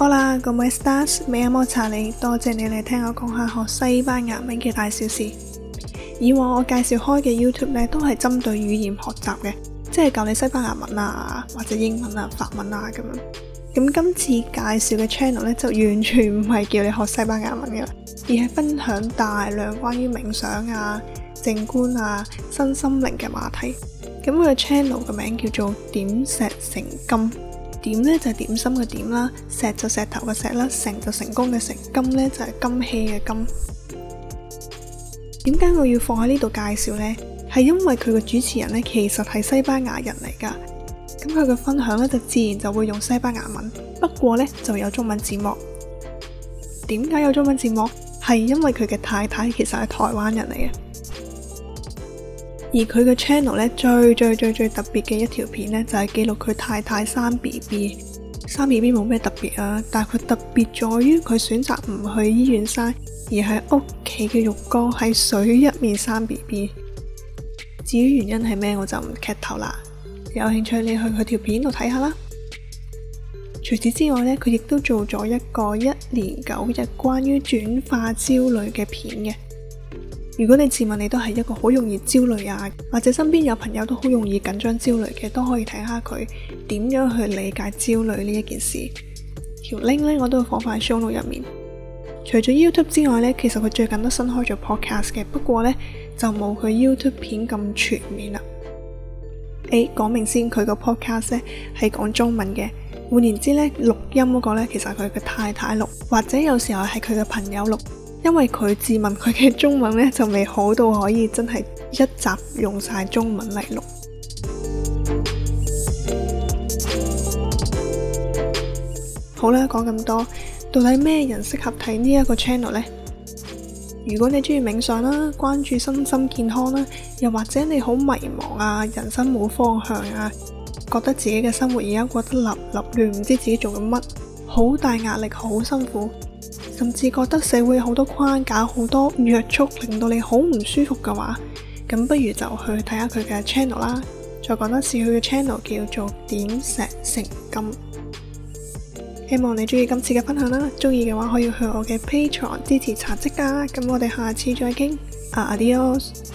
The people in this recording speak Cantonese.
好啦，各位 stars，未有摩擦你，多謝你嚟聽我講下學西班牙文嘅大小事。以往我介紹開嘅 YouTube 咧，都係針對語言學習嘅，即係教你西班牙文啊，或者英文啊、法文啊咁樣。咁今次介紹嘅 channel 咧，就完全唔係叫你學西班牙文嘅，而係分享大量關於冥想啊、靜觀啊、身心靈嘅話題。咁佢嘅 channel 嘅名叫做點石成金。點呢就係點心嘅點啦，石就石頭嘅石啦，成就成功嘅成，金呢，就係金器嘅金。點解我要放喺呢度介紹呢？係因為佢嘅主持人呢，其實係西班牙人嚟噶，咁佢嘅分享呢，就自然就會用西班牙文，不過呢，就有中文字幕。點解有中文字幕？係因為佢嘅太太其實係台灣人嚟嘅。而佢嘅 channel 咧最最最最特別嘅一條片呢，就係記錄佢太太生 B B，生 B B 冇咩特別啊，但係佢特別在於佢選擇唔去醫院生，而喺屋企嘅浴缸喺水入面生 B B。至於原因係咩，我就唔劇透啦。有興趣你去佢條片度睇下啦。除此之外呢，佢亦都做咗一個一連九日關於轉化焦慮嘅片嘅。如果你自問你都係一個好容易焦慮啊，或者身邊有朋友都好容易緊張焦慮嘅，都可以睇下佢點樣去理解焦慮呢一件事。條 link 咧，我都會放翻喺 shownote 入面。除咗 YouTube 之外呢，其實佢最近都新開咗 podcast 嘅，不過呢，就冇佢 YouTube 片咁全面啦。A 講明先，佢個 podcast 係講中文嘅。換言之呢，錄音嗰個咧，其實係佢嘅太太錄，或者有時候係佢嘅朋友錄。因為佢自問佢嘅中文呢就未好到可以真係一集用晒中文嚟錄。 好啦，講咁多，到底咩人適合睇呢一個 channel 呢？如果你中意冥想啦，關注身心健康啦，又或者你好迷茫啊，人生冇方向啊，覺得自己嘅生活而家過得立立亂，唔知自己做緊乜，好大壓力，好辛苦。甚至覺得社會好多框架、好多約束，令到你好唔舒服嘅話，咁不如就去睇下佢嘅 channel 啦。再講多次，佢嘅 channel 叫做點石成金。希望你中意今次嘅分享啦，中意嘅話可以去我嘅 Patreon 支持茶嘖噶。咁我哋下次再傾。啊，adios。